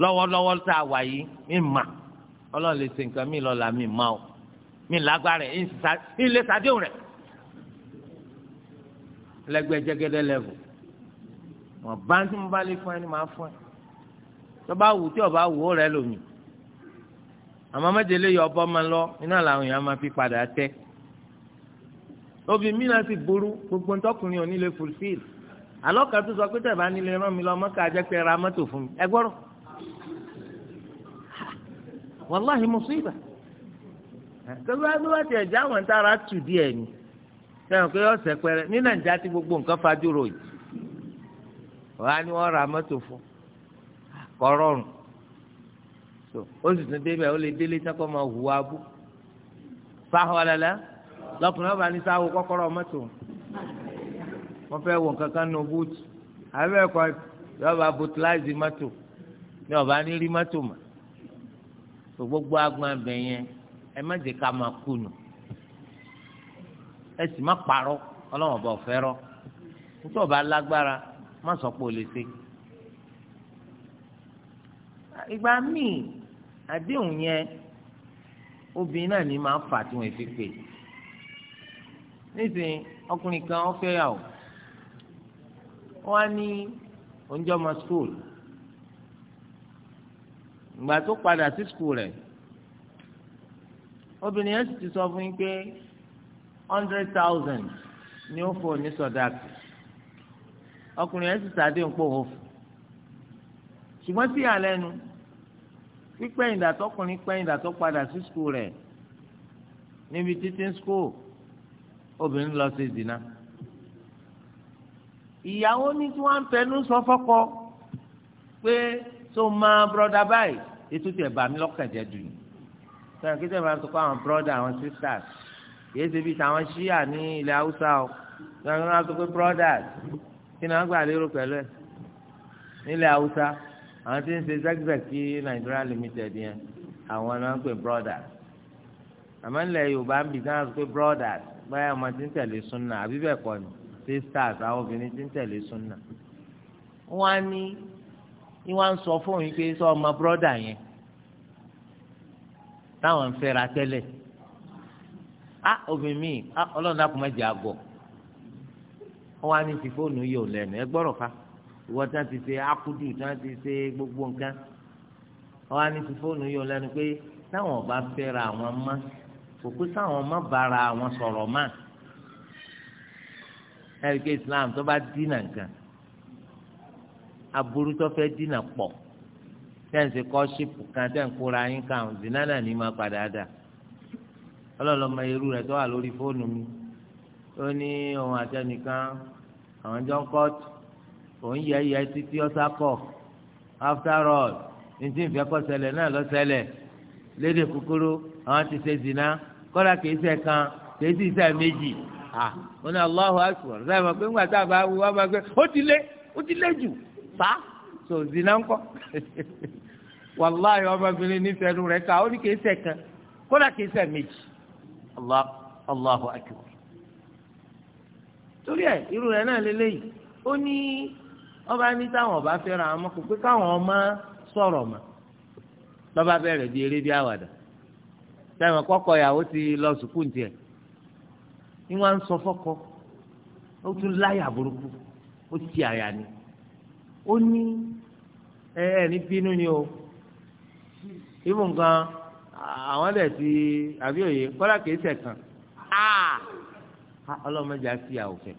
lọ́wọ́lọ́wọ́ tá a wà yìí mi mà ọlọ́run lè ṣe nǹkan mi lọ́la mi mà ó mi lágbára ẹ̀ ń lè ṣàdéhùn rẹ̀ lẹgbẹ jẹgẹdẹ lẹvù wọn bá ń tí mo bá lè fún ẹ ni màá fún ẹ tó wù tí o bá wù ó rẹ lómi àmọ́ méjèlé yọ ọbọ máa lọ iná làwọn èèyàn máa fi padà tẹ obì mí náà sì burú gbogbo ntọkùnrin ò ní lè fulfil àlọ́ kan tó sọ pé tẹ̀ bá nílé rán mi lọ mọ́ká jẹ́ pé ra mọ́tò fún mi ẹ gbọ́rọ̀ wàláhi musiba tó bá tó bá tiẹ̀ já wọn tára tù díẹ̀ ni. sẹ́wọ̀n pé ọ̀sẹ̀ pẹrẹ ní nàìjíríà tí gbogbo nǹkan fajúro yìí wàá ní wọ́n ra mọ́tò fún kọ́rọ́rùn so o sì tún débẹ̀ ó lè délé sẹ́kọ̀ọ́ máa hu abú fáwọn ọ̀lẹ́lẹ́ lọ́kùnrin ọba ní sáwọ́ kọ́kọ́rọ́ mọ́tò fẹ́ wọ nù yọba mọ́tò ní ọba ní rí gbogbo agbọn abẹ yẹn ẹ má ẹ sì má parọ́ ọlọ́run ọba ọ̀fẹ́ rọ́ nítorí ọba lágbára má sọ pé o lè ṣe. ìgbà míì àdéhùn yẹn obìnrin náà ní máa fà tí wọ́n fi pè nísìnyí ọkùnrin kan ó fẹ́ yà ó wọ́n ní oúnjẹ ọmọ school ìgbà tó padà sí school rẹ̀ obìnrin yẹn sì ti sọ fún yín pé hundred thousand ni ó fò ní sọdáàkì ọkùnrin yẹn sì sáré ńpọ̀ wò fún ṣùgbọ́n sí àlẹ́nu pípẹ́ ìdàtọ́kùnrin pẹ́ ìdàtọ́ padà sí skul rẹ̀ níbi títí skul obìnrin lọ sí ìdìnnà ìyàwó ní tí wọ́n ń fẹnu sọ fọ́kọ pé tó máa brọ́dà báyìí ètò tẹ̀ bàmí lọ́kàn jẹ́ dùn yìí sọ̀rọ̀ kí sẹ́yìn bá sọ pé àwọn brọ́dà àwọn sisters yéé ṣe bíi tàwọn ṣíà ní ilẹ̀ haúsá o gbàgbọ́n náà sọ pé brothers kí ni wọ́n gbà lérò pẹ̀lú ẹ̀ nílẹ̀ haúsá àwọn tí ń ṣe zagzaki Nigeria limited yẹn àwọn náà ń pè brothers àmọ́ nílẹ̀ yorùbá ń bì náà sọ pé brothers báyà ọmọ tí ń tẹ̀lé súnà àbí bẹ́ẹ̀ kọ́ ni sisters àwọn obìnrin tí ń tẹ̀lé súnà wọ́n á ní ni wọ́n á sọ fóun yìí pé sọ ọmọ brother yẹn táwọn ń fẹ́ra tẹ́lẹ̀. Ah obìnrin mi a ah, ọlọ́run náà kò má jẹ àgọ̀ ó wá ní ti fóònù yìí ò lẹ́nu ẹ gbọ́rọ̀ fa ìwọ tí wọ́n ti ṣe akudu tí wọ́n ti ṣe gbogbo nǹkan ó wá ní ti fóònù yìí ò lẹ́nu pé táwọn ọba fẹ́ra àwọn má kò pé táwọn ọmọ bára àwọn sọ̀rọ̀ má ẹ̀rí Islam tó bá dínà nǹkan aburú tó fẹ́ dínà pọ̀ tẹ́ǹsì kọ́ṣípù kan tẹ́ǹkúra yín kan zìnnà náà ní padà dáa ọlọ́lọ́mọ irú rẹ̀ tó wà lórí fóònù mi ó ní òun àtẹnìkan àwọn jọ ń kọ́ọ̀tù òun yẹ yẹ títí ọ́sá kọ̀ after all ntí nfẹ́ kọ́ ṣẹlẹ̀ náà lọ ṣẹlẹ̀ léde kúkúrú àwọn ti ṣe zina kọ́lá kìí ṣe kan kìí sì ṣe méjì à wọn ní Allahu akbar sáyẹn mọ̀ pé ńgbà tá a bá wí wọn bá gbé ó ti lé ó ti lé jù fa so zina ńkọ́ wàláyé ọmọbìnrin nífẹ̀ẹ́ rẹ̀ ká ó ní kìí ṣe kan kọ́lá kìí ṣe méjì Allahu akbar torí ẹ irú rẹ náà lélẹyìí ó ní ọba ní táwọn ọba fẹ́ràn àwọn ọmọ pé káwọn ọmọ sọ̀rọ̀ dị ere bẹ̀rẹ̀ bíi eré bíi àwàdà táwọn kọ́kọ́ ìyàwó ti lọ sùkúù tiẹ̀ ni sọ ó tún láyà ti ni ó ní ẹ ẹ ní ni o àwọn dẹ̀ ti àbí òye kọ́lá kìí sẹ̀kàn ah! ọlọ́mọdé á sí àwòfẹ́.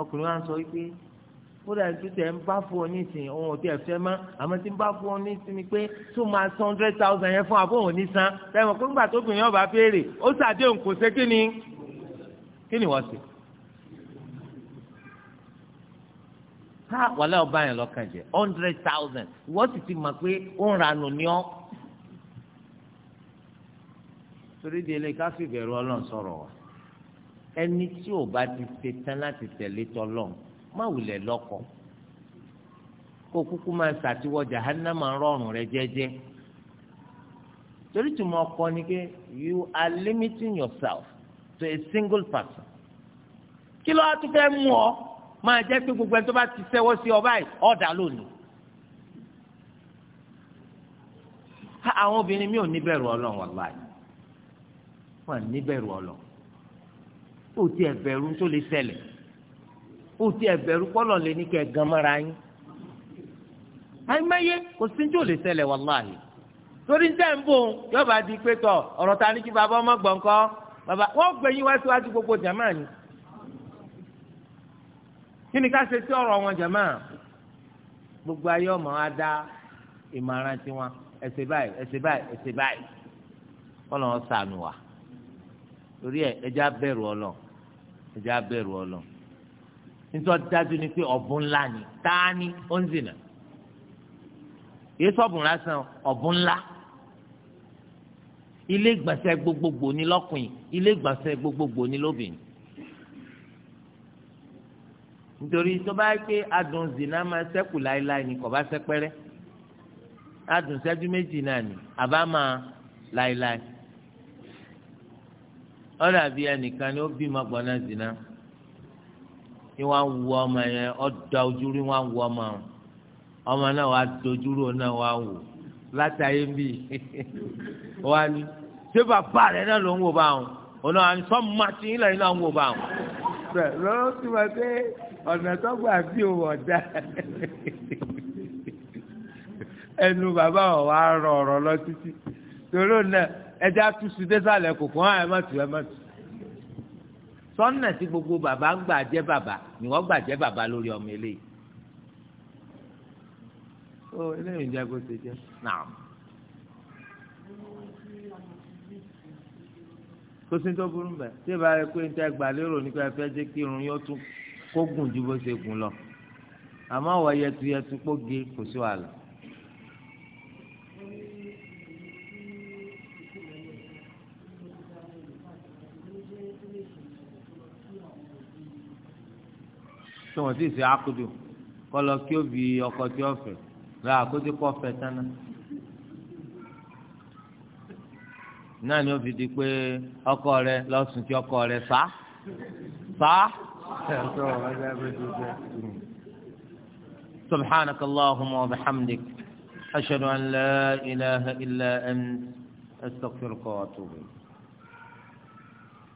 ọkùnrin wa ń sọ wípé ó dà bí tẹ̀ ń bá fún ọ nísìnyí òun ò tí ẹ fẹ́ mọ́ àmọ́ tí ń bá fún ọ nísìnyí pé tó máa san hundred thousand yẹn fún àbóhùn nísan tẹ̀wọ̀n pé ńgbà tóbìnrin ọba béèrè ó sàdéhùn kò sé kí ni kí ni wọ́n sè é. ha wàlẹ ọba yẹn lọ́kàn jẹ́ hundred thousand ìwọ sì ti mọ̀ pé ó ń ranù ní ọ. torí di eléyìí ká fi bẹ̀rù ọlọ́run sọ̀rọ̀ wa ẹni tí ò bá ti ṣe tán láti tẹ̀lé tọlọ́run má wulẹ̀ lọ́kọ kó kúkú máa ṣàtiwọ́ jahannama rọrùn rẹ jẹ́jẹ́ torí tí mo kọ ni pé you are limiting yourself to a single person kí ló wá tún fẹ́ mú ọ máa jẹ́ pé gbogbo ẹni tó bá ti sẹ́wọ́ sí ọ báyìí ọ̀dà lónìí. àwọn obìnrin mi ò níbẹ̀rù ọlọ́run wàlá yìí wọ́n níbẹ̀rù ọlọ́run ó ti ẹ̀bẹ̀rù tó lè ṣẹlẹ̀ ó ti ẹ̀bẹ̀rù kọ́lọ̀ lè ní kẹ́ gan mọ́ra yín. àìmọye kò sí tó lè ṣẹlẹ̀ wàlá yìí torí ń tẹ̀ ń bò yọba di pé tọ̀ ọ̀rọ̀ ta ni kí bàbá ọmọ gbọ̀ǹkọ́ bàbá wọ́n gbẹ̀yìn wá síwájú gbogbo jàmáà ni kí ni ká ṣe sí ọ̀rọ̀ wọn jàmá gbogbo ayé ọmọ wa dá ìmọ̀ràn tiwọn ẹsẹ̀ báyìí ẹsẹ̀ báyìí ẹsẹ̀ báyìí wọn lọ́wọ́ sànù wa torí ẹ ẹjẹ́ abẹ́rù ọlọ́ ẹjẹ́ abẹ́rù ọlọ́ nítorí dájú ni pé ọ̀bùn ńlá ni táání ó ń zìnà yìí sọ́ọ̀bù lásán ọ̀bùn ńlá ilé ìgbọ̀nsẹ̀ gbogbogbò ni lọ́kùnrin ilé ìgbọ̀nsẹ̀ gbogbogbò ni lóbìnrin nítorí tó bá pé adùn zina máa ṣẹ́kù láéláé ni kò bá sẹ́pẹ́rẹ́ adùn ṣẹ́jú méjì náà ni àbá máa láéláé ọ̀rọ̀ àbí ẹnìkan ni ó bímọ gbọ́ná zina ni wọ́n á wù ọmọ yẹn ọ̀dà ojúrí wọ́n á wù ọmọ wọn ọmọ náà wàá dojúrò náà wàá wò látàyè ń bì wọ́n ní ṣé bàbá rẹ̀ náà ló ń wò báwọn ọ̀nà àìsàn màtí ńlẹ̀ náà ń wò báwọn sọ lọ́wọ́ tí wọ́n pé ọ̀nà tó gbà bí òun ọ̀dà ẹnu bàbá ọ̀ wá rọ ọ̀rọ̀ lọ títí torí náà ẹja túṣu désàlẹ̀ kòkó hàn ẹ má tù ẹ má tù sọ́nà tí gbogbo bàbá ń gbà jẹ́ bàbá ni wọ́n gbà jẹ́ bàbá lórí ọmọ eléyìí ó eléyìí ń jẹ́ bó ṣe jẹ́ kó sí tó burú mbẹ tí ìbá rẹ pé níta gbà lérò nípa ẹ fẹ́ jẹ́ kí irun yóò tún kó gùn ju bó ṣe gùn lọ àmọ́ wọ yẹtuyẹtu kó ge kò sí wàhálà. tí wọ́n sì ṣe àkùdù kọ́ lọ kí ó bi ọkọ tí ó fẹ́ rà àkótí fẹ́ tán náà ni ó fi di pé ọkọ rẹ lọ́sùn kí ọkọ rẹ sá sá. سبحانك اللهم وبحمدك أشهد أن لا إله إلا أنت استغفرك وأتوب إليك